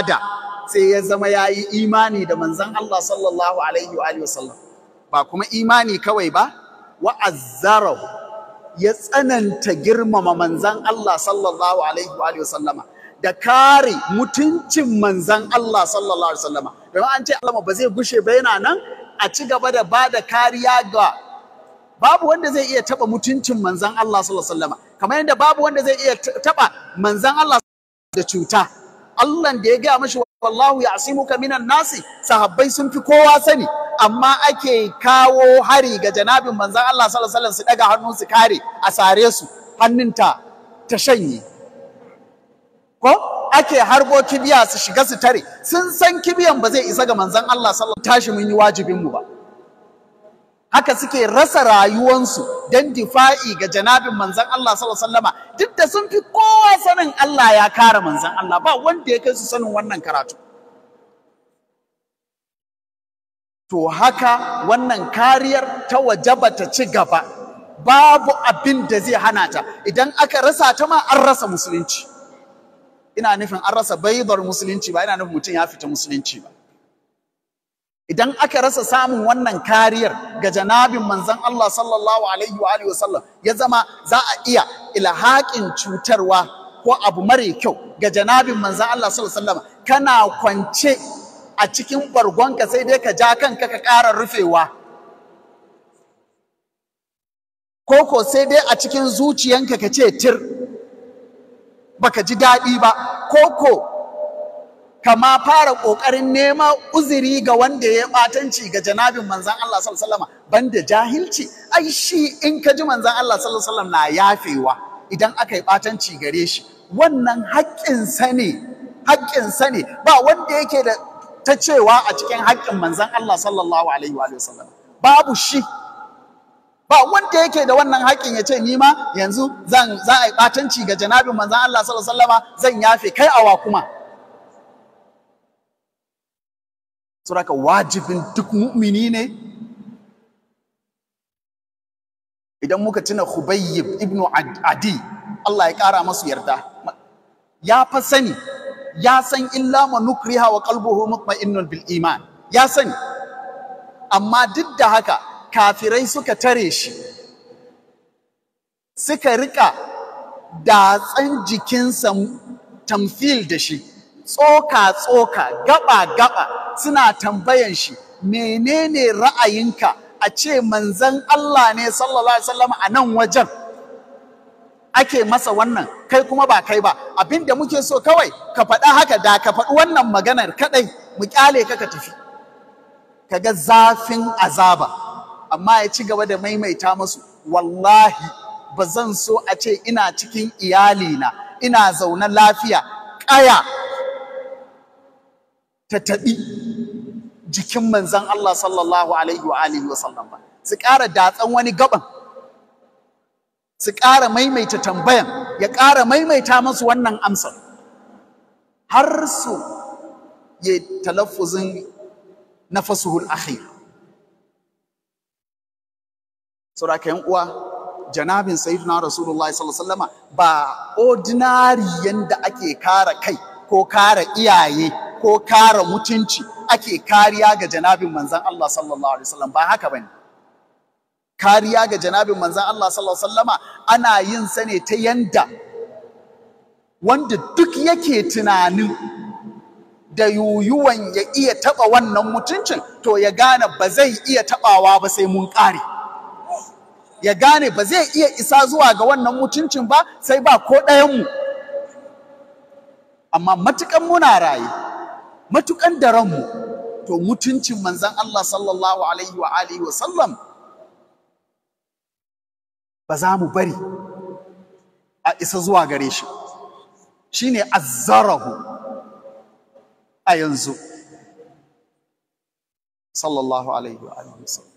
da sai ya zama ya yi imani da manzan Allah sallallahu alaihi wa wasallam ba kuma imani kawai ba wa wa'azzarau ya tsananta girmama manzan Allah sallallahu alaihi wa wasallama da kare mutuncin manzan Allah sallallahu alaihi wasallama domin an ce Allah ba zai gushe ba yana nan a ci gaba da ba da kariya ga babu wanda zai iya taba mutuncin manzan Allah sallallahu alaihi wasallama kamar yadda babu wanda zai iya taba manzan Allah da cuta Allah da ya gaya mashi wallahu ya asimuka minan nasi sahabbai sun fi kowa sani amma ake kawo hari ga janabin manzan Allah sallallahu su daga hannun su kare a sare su hannun ta ta shanye ko ake harbo kibiya su shiga su tare sun san kibiyan ba zai isa ga manzan Allah sallallahu alaihi tashi mun yi wajibin mu ba haka suke rasa rayuwansu don difa'i ga janabin manzan Allah sallama duk da sun fi kowa sanin Allah ya kara manzan Allah ba wanda ya kai su sanin wannan karatu to haka wannan kariyar ta wajaba ta ci gaba babu abin da zai hana ta idan aka rasa ta ma an rasa musulunci ina nufin an rasa baidar musulunci ba ina nufin mutum ya fita musulunci ba idan aka rasa samun wannan kariyar ga janabin manzan Allah sallallahu alaihi wa alihi ya zama za a iya ilhaƙin cutarwa ko abu mare kyau ga janabin manzan Allah sallallahu alaihi wasallam kana kwance a cikin bargonka sai dai ka ja kanka ka ƙara rufewa koko sai dai a cikin zuciyanka ka ce tir baka ji daɗi ba koko kama fara ƙoƙarin nema uzuri ga wanda ya ɓatanci ga janabin manzan Allah sallallahu banda jahilci ai shi in ka ji manzan Allah sallallahu na yafewa idan aka yi ɓatanci gare shi wannan haƙƙinsa ne haƙƙinsa ne ba wanda yake da ta cewa a cikin haƙƙin manzan Allah sallallahu alaihi wasallam babu shi ba wanda yake da wannan haƙƙin ya ce ni ma yanzu zan za a yi ɓatanci ga janabin manzan Allah sallallahu alaihi wasallam zan yafe kai awa kuma saboda wajibin duk mu'mini ne idan muka tuna Hubayyib ibn Adi Allah ya ƙara masu yarda ya fa sani ya san illa ma nukriha wa qalbuhu mutma'innun bil iman ya sani amma duk da haka kafirai suka tare shi suka rika datsan jikinsa tamfil da shi tsoka tsoka gaba gaba suna tambayan shi menene ra'ayinka a ce manzan Allah ne sallallahu alaihi wasallam a nan wajen ake masa wannan kai kuma ba kai ba abinda muke so kawai ka faɗa haka da ka faɗi wannan maganar kaɗai. mu ƙyale ka ka tafi kaga zafin azaba amma ya ci gaba da maimaita musu wallahi ba zan so a ce ina cikin iyalina ina zaune lafiya ƙaya ta taɓi jikin manzan Allah sallallahu alaihi wa alihi wa sallam ba su ƙara datsan wani gaban su ƙara maimaita tambayan ya ƙara maimaita masu wannan amsar har su ya talaffuzin na fasuhul akhir saboda uwa janabin sayyidina rasulullah sallallahu alaihi ba ordinary yadda ake kare kai ko kare iyaye ko kare mutunci ake kariya ga janabin manzan Allah sallallahu alaihi wasallam ba haka bane kariya ga janabin manzan Allah sallallahu alaihi wasallama ana yin sa ne ta yanda wanda duk yake tunanin da yuyuwan ya iya taba wannan mutuncin to ya gane ba zai iya tabawa ba sai mun kare ya gane ba zai iya isa zuwa ga wannan mutuncin ba sai ba ko ɗayan mu, amma matukan muna raye matukan da ranmu to mutuncin manzan Allah sallallahu alaihi wa alihi wa sallam ba za mu bari a isa zuwa gare shi shine azzarahu a yanzu sallallahu alaihi wa alihi wa sallam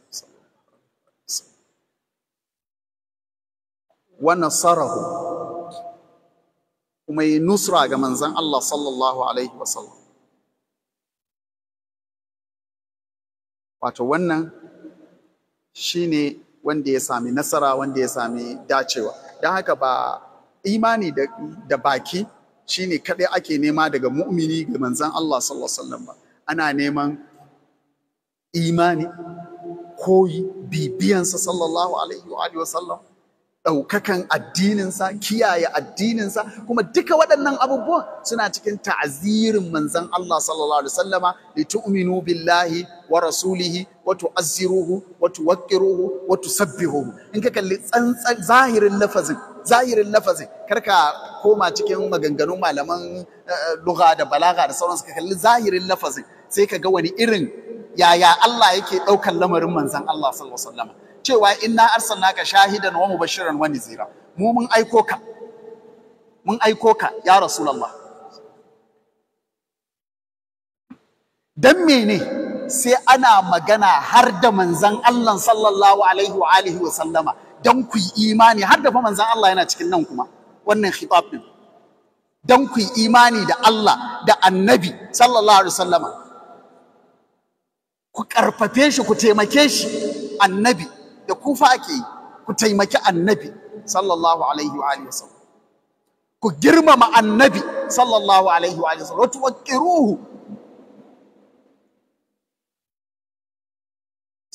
wa nasarahu kuma yi nusra ga manzan Allah sallallahu alaihi wa sallam wato wannan ne wanda ya sami nasara wanda ya sami dacewa don haka ba imani da, da baki ne kaɗai ake nema daga mu'mini ga manzan Allah sallallahu alaihi ba ana neman imani koyi bibiyansa sallallahu alaihi wa sallam ɗaukakan addininsa, kiyaye addininsa, kuma duka waɗannan abubuwan suna cikin ta'azirin manzan Allah sallallahu Alaihi wasallama litu'minu billahi wa rasulihi wa tu'azziruhu wa tuwaqqiruhu wa tusabbihuhu in ka kalli tsantsan zahirin lafazin zahirin lafazin karka koma cikin maganganun malaman eh, lugha da balaga da sauransu ka kalli zahirin lafazin sai ka ga wani irin yaya Allah yake ɗaukan lamarin manzan Allah sallallahu alaihi wasallama cewa inna arsalnaka shahidan wa mubashiran wa nizira mu mun aiko ka mun aiko ka ya rasulullah dan mene sai ana magana har da manzon Allah sallallahu alaihi wa alihi wa sallama dan ku yi imani har da fa manzon Allah yana cikin nan kuma wannan khitab din dan ku yi imani da Allah da annabi sallallahu alaihi wa sallama ku karfafe shi ku taimake shi annabi da kufa ake yi ku taimaki annabi sallallahu alaihi wa alihi wasallam ku girmama annabi sallallahu alaihi wa alihi wasallam wa tuwaqqiruhu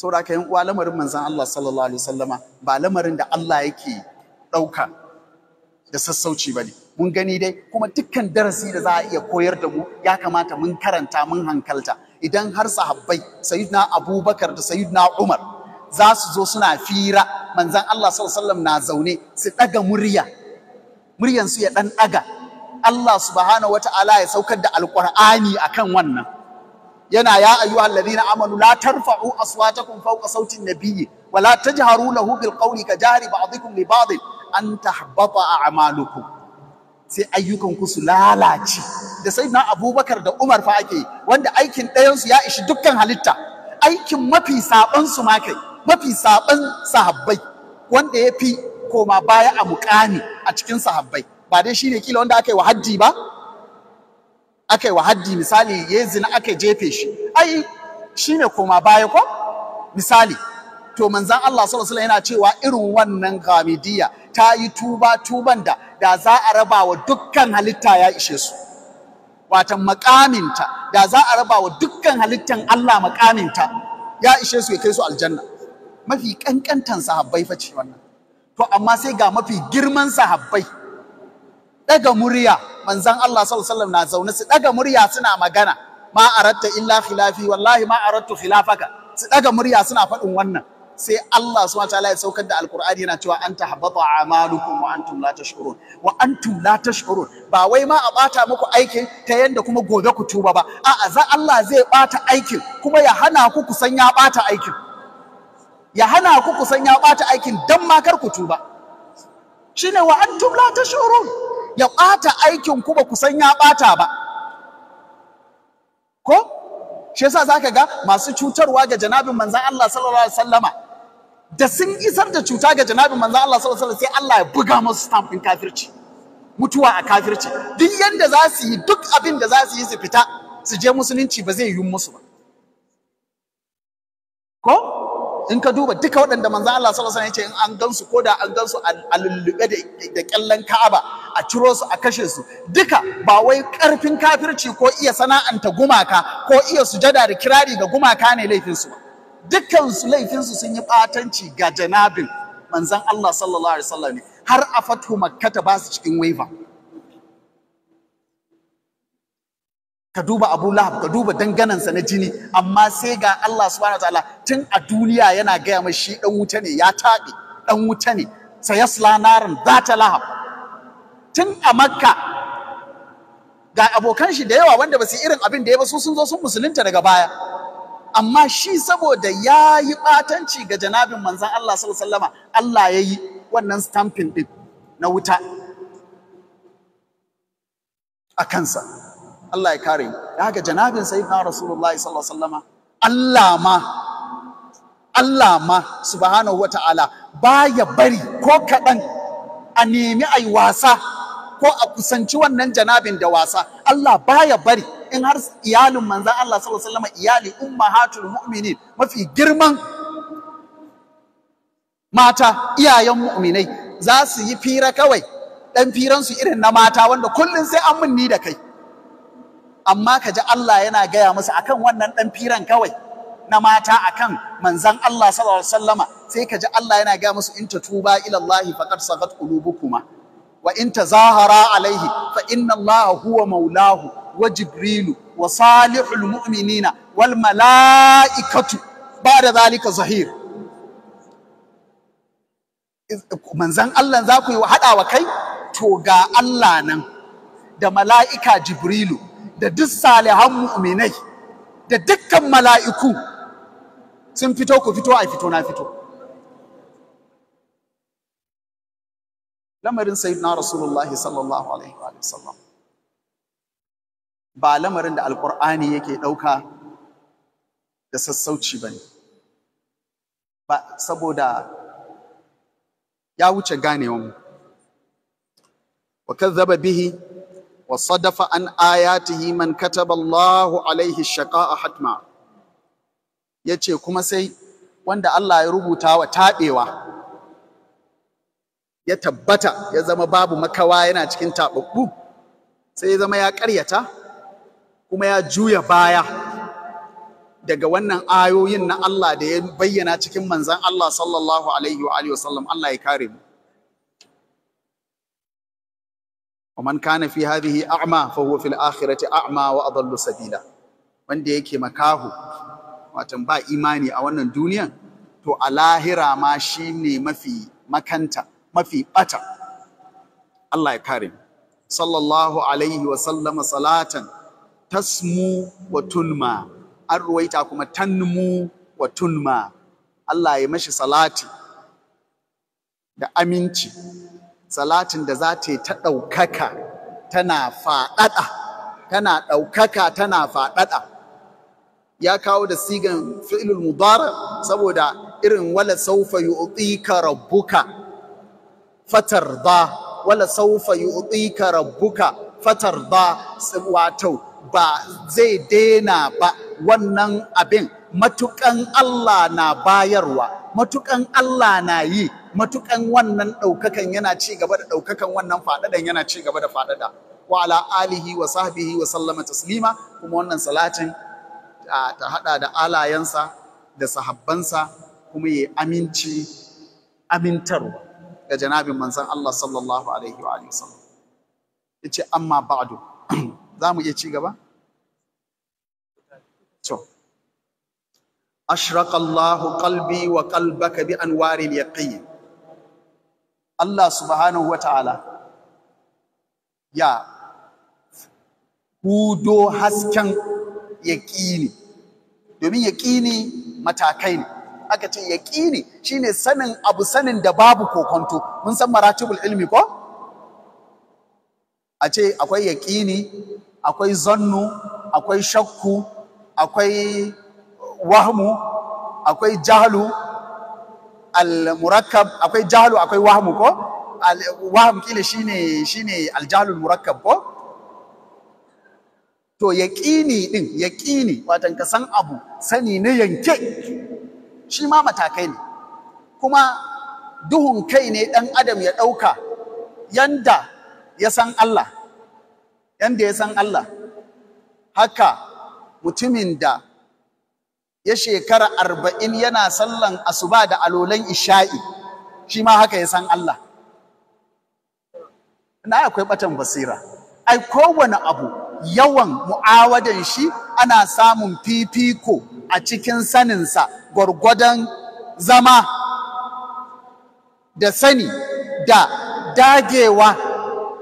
saboda kai yan uwa lamarin manzon Allah sallallahu alaihi wasallama ba lamarin da Allah yake dauka da sassauci bane mun gani dai kuma dukkan darasi da za a iya koyar da mu ya kamata mun karanta mun hankalta idan har sahabbai sayyidina Abubakar da sayyidina Umar za su zo suna fira manzan Allah sallallahu na zaune su ɗaga murya muryan su ya ɗan ɗaga Allah subhanahu wata'ala ya saukar da alqur'ani akan wannan yana ya ayyuhal ladina amanu la tarfa'u aswatakum fawqa sautin nabiyyi wa la tajharu lahu bil qawli ka jahri ba'dikum li ba'd an tahbata a'malukum sai ayyukan ku su lalace da sai na abubakar da umar fa ake wanda aikin ɗayansu ya ishi dukkan halitta aikin mafi saɓansu ma kai mafi saban sahabbai wanda ya fi koma baya a mukami a cikin sahabbai ba dai shine kila wanda aka yi wa haddi ba aka yi wa haddi misali ya zina aka jefe shi ai shine koma baya ko misali to manzan Allah sallallahu alaihi yana cewa irin wannan gamidiya ta yi tuba tuban da da za a raba wa dukkan halitta ya ishe su watan makaminta da za a raba wa dukkan halittan Allah makaminta ya ishe su ya kai su aljanna mafi ƙanƙantan sahabbai fa ce wannan to amma sai ga mafi girman sahabbai daga murya manzon Allah sallallahu alaihi na zaune su daga murya suna magana ma aratta illa khilafi wallahi ma arattu khilafaka su daga murya suna faɗin wannan sai Allah subhanahu wataala ya saukar da alqur'ani yana cewa anta habata amalukum wa antum la tashkurun wa antum la tashkurun ba wai ma a bata muku aikin ta yanda kuma gobe ku tuba ba a'a za Allah zai bata aikin kuma ya hana ku kusan ya bata aikin ya hana ku kusan ya ɓata aikin dan ma kar ku tuba shine wa antum la tashurun ya ɓata aikin ku ba kusan ya ɓata ba ko shi yasa zaka ga masu cutarwa ga janabin manzon Allah sallallahu alaihi wasallama da sun isar da cuta ga janabin manzon Allah sallallahu alaihi wasallam sai Allah ya buga musu stamp din kafirci mutuwa a kafirci duk yanda za su yi duk abin da za su yi su fita su je musulunci ba zai yi musu ba ko in ka duba duka waɗanda manzo Allah sallallahu alaihi wasallam ya ce in an gansu ko da an gansu a lullube da kyallan Ka'aba a ciro su a kashe su duka ba wai karfin kafirci ko iya sana'anta gumaka ko iya sujada da kirari ga gumaka ne laifin su dukkan su laifin su sun yi batanci ga janabin manzon Allah sallallahu alaihi wasallam har a fathu makkata ba su cikin waiver ka duba Abu Lahab ka duba danganansa na jini amma sai ga Allah subhanahu ta'ala tun a duniya yana gaya mai shi dan wuta ne ya taɓe dan wuta ne sayasla narin zata lahab tun a makka ga abokan shi da yawa wanda ba su irin abin da ya ba su sun zo sun musulunta daga baya amma shi saboda ya yi ɓatanci ga janabin manzan Allah sallallahu Allah ya yi wannan stamping ɗin na wuta a kansa. Allah ya kare da haka janabin sayyidina rasulullahi sallallahu alaihi wasallama Allah ma Allah ma subhanahu wata'ala baya bari ko kaɗan a nemi ai wasa ko a kusanci wannan janabin da wasa Allah baya bari in har iyalin manzan Allah sallallahu alaihi wasallama iyali ummahatul mu'minin mafi girman mata iyayen mu'minai za su yi fira kawai dan firansu irin na mata wanda kullun sai an munni da kai amma ka ji Allah yana gaya musu akan wannan ɗan firan kawai na mata akan manzan Allah sallallahu alaihi wasallama sai ka ji Allah yana gaya musu in tatuba ila Allah faqad sagat qulubukuma wa in tazahara alaihi fa inna Allah huwa maulahu wa jibrilu wa salihul mu'minina wal mala'ikatu ba'da zalika zahir manzan Allah za ku yi haɗa wa kai to ga Allah nan da mala'ika jibrilu da duk salihan mu'minai da dukkan mala'iku sun fito ku fito a fito na fito lamarin sayyidina rasulullahi sallallahu alaihi wa sallam ba lamarin da alkur'ani yake ɗauka da sassauci ba ne ba saboda ya wuce ganewan wa kazzaba bihi وصدف عن آياته من كتب الله عليه الشقاء حتما yace kuma sai wanda Allah ya rubuta wa taɓewa ya tabbata ya zama babu makawa yana cikin كريتا sai ya zama ya karyata kuma ya juya baya daga wannan ayoyin na Allah da ya bayyana cikin manzan Allah sallallahu alaihi wa sallam Allah ya kare mu ومن كان في هذه أعمى فهو في الآخرة أعمى وأضل سبيلا wanda yake makaho watan ba imani a wannan duniyan to a lahira ma shine ne mafi makanta mafi ɓata. Allah ya kare sallallahu alaihi wa sallama salatan tasmu wa tunma an ruwaita kuma tanmu wa tunma Allah ya mashi salati da aminci salatin da za ta yi ta ɗaukaka tana faɗaɗa tana ɗaukaka tana faɗaɗa ya kawo da sigan fi'lul mudara saboda irin wala saufa yu'tika rabbuka fatarda wala saufa yu'tika rabbuka fatarda wato ba zai daina ba wannan abin matukan Allah na bayarwa matukan Allah na yi matukan wannan ɗaukakan yana ci gaba da ɗaukakan wannan faɗaɗan yana ci gaba da faɗaɗa wa ala alihi wa sahbihi wa sallama taslima kuma wannan salatin ta haɗa da alayensa da sahabbansa kuma ya aminci amintarwa ga janabin manzon Allah sallallahu alaihi wa alihi Ya yace amma ba'du za mu iya ci gaba to ashraqa Allahu qalbi wa qalbaka bi anwaril yaqin Allah subhanahu wa ta'ala ya hudo hasken yaƙini domin yaƙini matakai ne aka ce yaƙini shine sanin abu sanin da babu kokonto mun san maratibul ilmi ko a ce akwai yaƙini akwai zannu akwai shakku akwai wahmu akwai jahlu al-murakkab akwai jahlu akwai wahmu ko al-wahm kila shine shine al al murakkab ko to yaqini din yaqini watan ka san abu sani ne yanke shi ma matakai ne kuma duhun kai ne dan adam ya dauka yanda ya san Allah yanda ya san Allah haka mutumin da ya shekara arba'in yana sallan asuba da alolan isha'i shi ma haka ya san Allah na akwai batan basira ai kowane abu yawan mu'awadan shi ana samun fifiko a cikin saninsa gwargwadon zama da sani da dagewa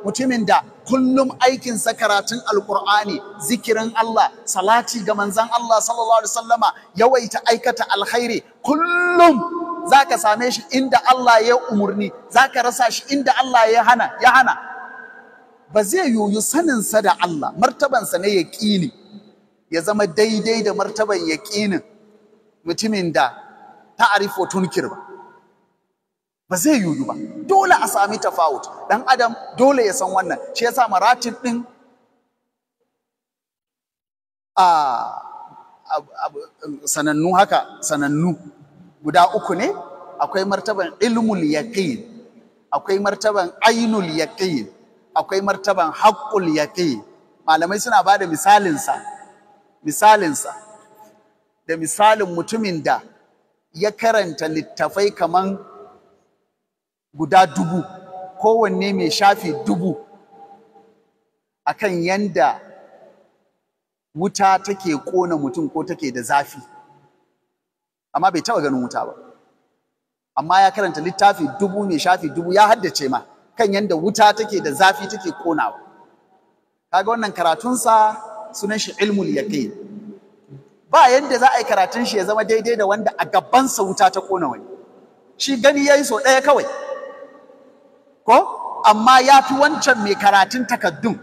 mutumin da kullum aikinsa karatun alkur'ani zikirin Allah salati ga manzan Allah sallallahu alaihi wasallama yawaita aikata alkhairi kullum zaka same shi inda Allah ya umurni zaka rasa shi inda Allah ya hana ya hana ba zai yoyu sa da Allah martabansa ne yaƙini ya zama daidai da martaban yaƙinin mutumin da ta'arifu tunkir ba ba zai yiwu ba dole a sami tafawut dan adam dole ya san wannan shi yasa maratib din a sanannu haka sanannu guda uku ne akwai martaban ilmul yaqin akwai martaban ainul yaqin akwai martaban haqqul yaqin malamai suna bada misalinsa sa da misalin mutumin da ya karanta littafai kaman guda dubu kowanne mai shafi dubu a kan yanda wuta take ƙona mutum ko take da zafi amma bai taɓa ganin wuta ba amma ya karanta littafi dubu mai shafi dubu ya haddace ma kan yanda wuta take da zafi take ƙonawa kaga wannan karatunsa sunan shi ilmul yaqin ba yadda za a yi karatun shi ya zama daidai da wanda a gabansa wuta ta ƙona wani shi gani ya yi sau ɗaya kawai ko amma ya fi wancan mai karatun takardun.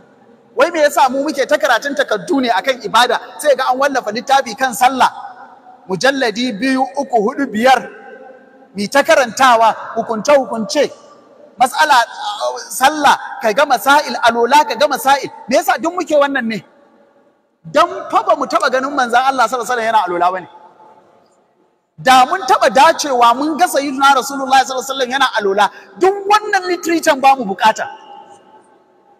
wai me yasa mu muke ta karatun takardu ne akan ibada sai ga an wallafa littafi kan sallah mujalladi biyu uku hudu biyar mi ta karantawa hukunce hukunce mas'ala sallah ka ga masail alola ka ga masail me yasa duk muke wannan ne dan fa ba mu taba ganin manzon Allah sallallahu alaihi wasallam yana alola bane da mun taɓa dacewa mun ga sayyiduna rasulullahi sallallahu alaihi wasallam yana alola duk wannan literature ba mu bukata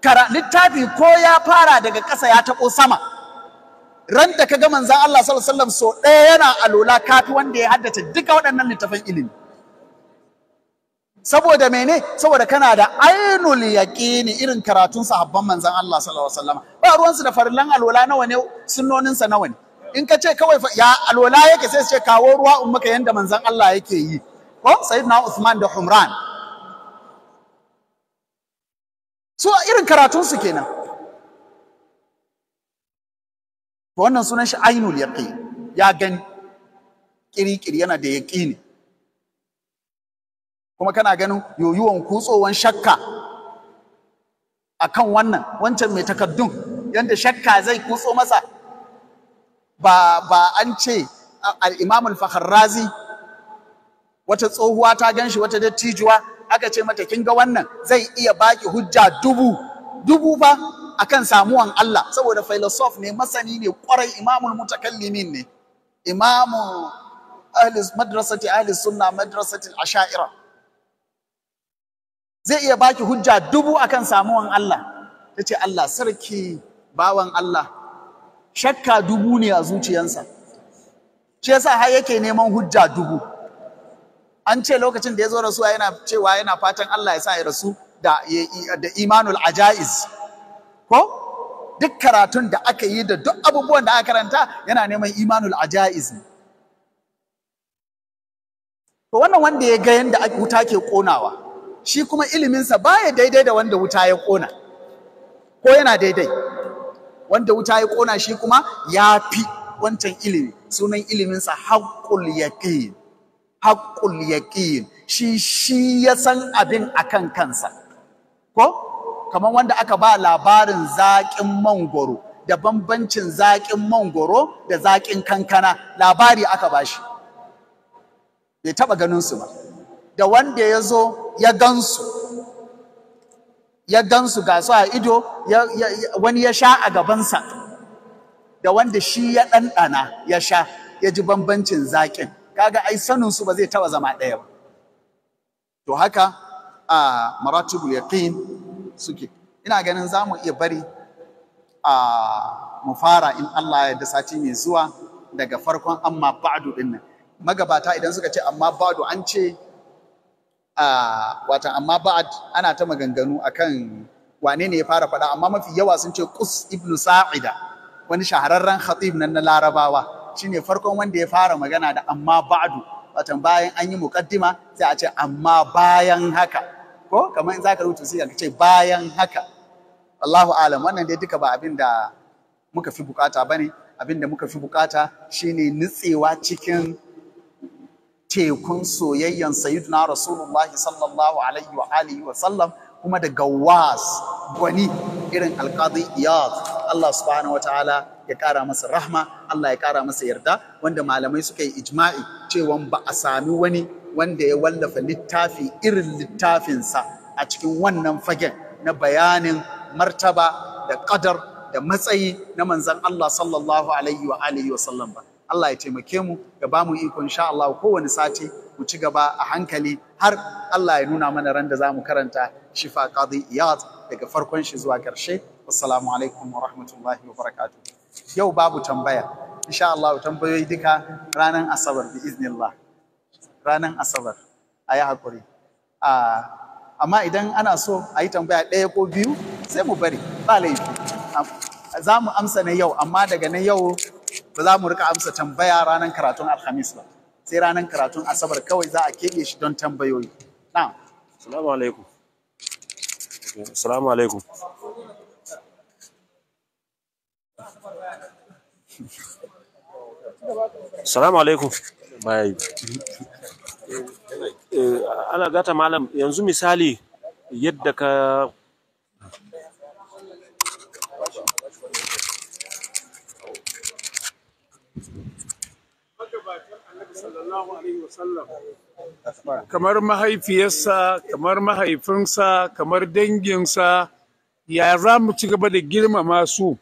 kara littafi ko ya fara daga ƙasa ya taɓo sama ran da ka ga manzon Allah sallallahu alaihi wasallam so ɗaya yana alola kafi wanda ya haddace duka waɗannan littafan ilimi saboda mene saboda kana da ainul yaqini irin karatun sahabban manzon Allah sallallahu alaihi wasallam ba ruwansu da farillan alola nawa ne sa nawa ne in ka ce kawai ya alwala yake sai su ce kawo ruwa in maka yanda manzon Allah yake yi ko sayyidina Usman da Humran su irin karatun su kenan wannan sunan shi ainul yaqin ya gani kirikiri yana da yaqini kuma kana ganin yoyuwan kutsowan shakka akan wannan wancan mai takaddun yanda shakka zai kutso masa ba ba an ce al-Imam Razi, wata tsohuwa ta ganshi wata dattijuwa aka ce mata kin ga wannan zai iya baki hujja dubu dubu ba akan samuwan Allah saboda filosof ne masani ne kwarai imamul mutakallimin ne imamu ahli madrasati ahli sunna madrasati al zai iya baki hujja dubu akan samuwan Allah tace Allah sarki bawan Allah shakka dubu ne a zuciyansa shi yasa har yake neman hujja dubu an ce lokacin da ya zo rasuwa yana cewa yana fatan Allah ya sa ya rasu da da imanul ajaiz ko duk karatun da aka yi da duk abubuwan da aka karanta yana neman imanul ajaiz to wannan wanda ya ga yanda wuta ke konawa shi kuma iliminsa baya daidai da wanda wuta ya kona ko yana daidai wanda wuta ya kona shi kuma ya fi wancan ilimi sunan iliminsa haƙƙul yaqin haƙƙul yaqin shi shi ya san abin akan kansa ko kamar wanda aka ba labarin zaƙin mangoro da bambancin zaƙin mangoro da zaƙin kankana labari aka ba shi bai taɓa ganin su ba da wanda ya zo ya gansu ya gansu ga su a ido wani ya sha a gabansa da wanda shi ya ɗanɗana ya sha ya ji bambancin zaƙin kaga ai sanin su ba zai taɓa zama ɗaya ba to haka a maratibul yaqin suke ina ganin za mu iya bari a mu fara in Allah ya da sati mai zuwa daga farkon amma ba'du din nan magabata idan suka ce amma ba'du an ce a amma ba'ad ana ta maganganu akan wane ne ya fara faɗa amma mafi yawa sun ce Qus ibn Sa'ida wani shahararren khatib nan na Larabawa shine farkon wanda ya fara magana da amma ba'du watan bayan an yi muqaddima sai a ce amma bayan haka ko kamar in zaka rubuta sai ka ce bayan haka Allahu alam wannan dai duka ba abin da muka fi bukata bane abin da muka fi bukata shine nitsewa cikin tekun soyayyan sayyidina Rasulullah sallallahu alaihi wa alihi wa sallam kuma da gawas gwani irin alkadi ya Allah subhanahu wa ta'ala ya kara masa rahma Allah ya kara masa yarda wanda malamai suka yi ijma'i cewa ba a sami wani wanda ya wallafa littafi irin littafinsa a cikin wannan fagen na bayanin martaba da ƙadar, da matsayi na manzan Allah sallallahu alaihi wa alihi wa sallam ba Allah ya taimake mu ya ba mu iko insha Allah kowane sati mu ci gaba a hankali har Allah ya nuna mana ran da za mu karanta Shifa Qadi Iyad daga farkon shi zuwa ƙarshe. Assalamu alaikum wa rahmatullahi wa barakatuh. Yau babu tambaya. Insha Allah tambayoyi duka ranar Asabar bi iznillah. Ranar Asabar. A yi haƙuri. Amma idan ana so a yi tambaya ɗaya ko biyu sai mu bari ba laifi. Za mu amsa na yau amma daga na yau ba za mu rika amsa tambaya ranar karatun alhamis ba sai ranar karatun asabar kawai za a keɓe shi don tambayoyi na'am assalamu alaikum assalamu alaikum Salamu alaikum. Bai. Eh, ana gata malam yanzu misali yadda ka kamar mahaifiyarsa kamar mahaifinsa kamar danginsa ya za mu ci gaba da girmama su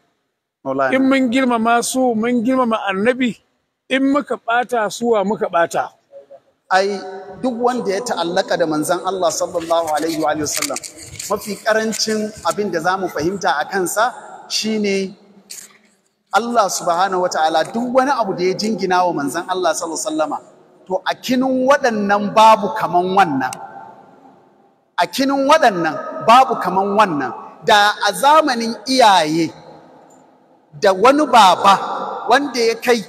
in mun girmama su mun girmama annabi in muka bata suwa muka bata ai duk wanda ya ta'allaka da manzon Allah sallallahu alaihi wa mafi karancin abin da zamu fahimta a kansa shine Allah subhanahu ta'ala duk wani abu da ya jingina wa manzon Allah sallallahu alaihi wa to a kinin waɗannan babu kaman wannan a kinin waɗannan babu kaman wannan da a zamanin iyaye da wani baba wanda ya kai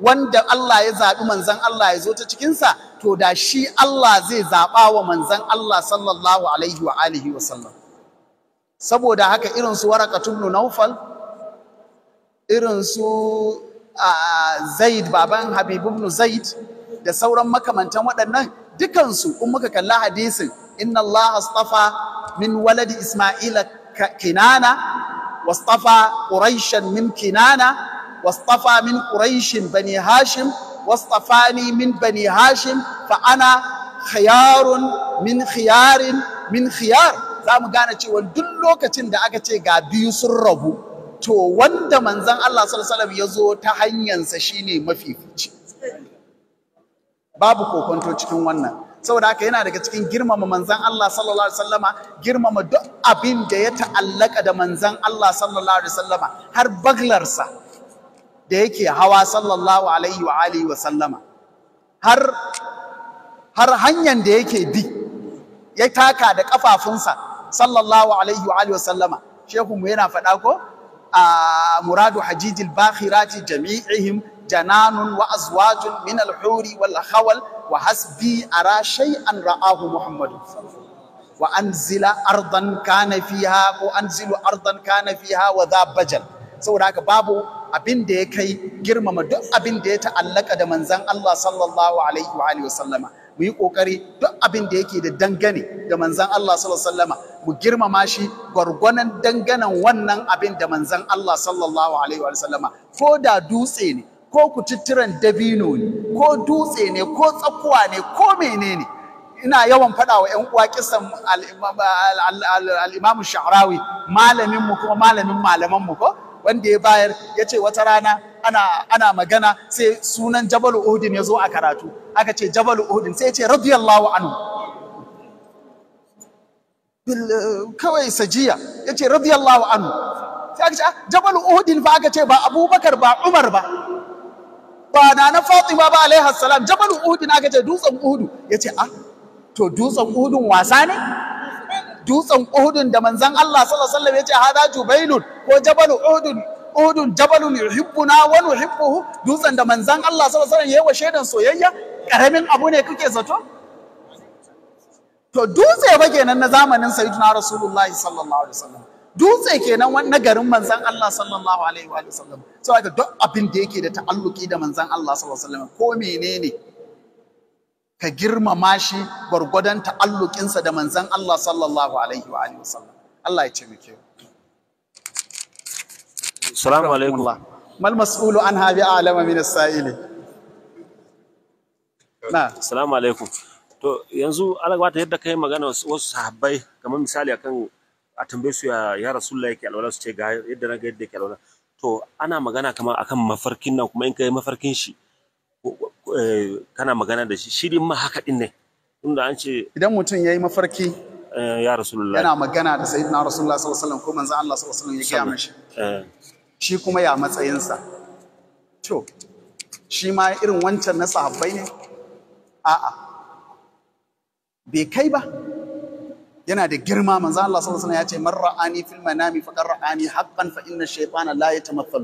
wanda Allah ya zaɓi manzan Allah ya zo ta cikinsa to da shi Allah zai zaɓa wa manzan Allah sallallahu alaihi wa wa sallam saboda haka irin su warakatun nunaufal irin su ah, zaid baban Habibu zaid da sauran makamantan waɗannan dukansu in muka kalla hadisin inna Allah astafa min waladi Isma'ila kinana wastafa quraishan min kinana wastafa min quraishin bani hashim bani Hashim fa ana فأنا min khiyarin min khiyar Za mu gane cewa duk lokacin da aka ce ga biyu sun rabu to wanda manzon Allah sallallahu alaihi wasallam ya zo ta hanyarsa shine mafifici babu kokonto cikin wannan saboda haka yana daga cikin girmama manzan Allah sallallahu alaihi wasallama girmama duk abin da ya ta'allaka da manzan Allah sallallahu alaihi wasallama har baglarsa da yake hawa sallallahu alaihi wa alihi wasallama har har hanyar da yake bi ya taka da kafafunsa sallallahu alaihi wa alihi wasallama shehu mu yana faɗa ko a muradu hajijil bakhirati jami'ihim jananun wa azwajun min al-huri wal khawal wa hasbi ara shay'an ra'ahu muhammadu wa anzila ardan kana fiha ko anzilu ardan kana fiha wa haka babu abin da ya kai girmama duk abin da ya ta'allaka da manzan Allah sallallahu alaihi wa alihi wasallama mu yi kokari duk abin da yake da dangane da manzan Allah sallallahu alaihi wasallama mu girmama shi gwargwanan danganan wannan abin da manzan Allah sallallahu alaihi wa sallama ko da dutse ne ko kututturen dabino ne ko dutse ne ko tsakuwa ne ko menene ina yawan faɗa wa 'yan uwa kisan al'imamu sha'rawi malaminmu kuma malamin malamanmu ko wanda ya bayar ya ce wata rana ana, ana magana sai sunan jabal uhudin ya zo a karatu aka ce jabal uhudin sai ya ce radiyallahu anhu kawai sajiya ya ce radiyallahu anhu sai aka ce ah, jabal uhudin fa aka ce ba abubakar ba umar ba ba na na Fatima ba alaiha salam jabal Uhud na kace dutsen Uhud yace ah to dutsen Uhudun wasa ne dutsen Uhudun da manzon Allah sallallahu alaihi wasallam yace hada jubailun ko jabal Uhudun uhud jabal yuhibbuna wa nuhibbuhu dutsen da manzon Allah sallallahu alaihi wasallam yayi wa shaidan soyayya karamin abu ne kake zato to dutse ba kenan na zamanin sayyidina rasulullahi sallallahu alaihi wasallam dutse kenan na garin manzan Allah sallallahu alaihi wa sallam sai ga duk abin da yake da ta'alluki da manzan Allah sallallahu alaihi wa sallam ko menene ka girmama shi gwargwadon ta'allukinsa da manzan Allah sallallahu alaihi wa sallam Allah ya ce muke Assalamu alaikum mal mas'ulu an habi alama min as-sa'ili na Assalamu alaikum to yanzu Allah ta yadda kai magana wasu sahabbai kamar misali akan a tambaye su ya ya rasulullah yake alwala su ce ga yadda na ga yadda yake alwala to ana magana kamar akan mafarkin nan kuma in kai mafarkin shi eh, kana magana da shi shi din ma haka din ne tunda an ce idan mutum yayi mafarki eh, ya rasulullah yana magana da sayyidina rasulullah sallallahu alaihi wasallam ko manzo Allah sallallahu alaihi wasallam ya ga mishi eh. shi kuma ya matsayinsa to shi ma irin wancan na sahabbai ne a'a bai kai ba yana da girma manzo Allah sallallahu alaihi wasallam ya ce man ra'ani fil manami faqad ra'ani haqqan fa inna shaytana la yatamathalu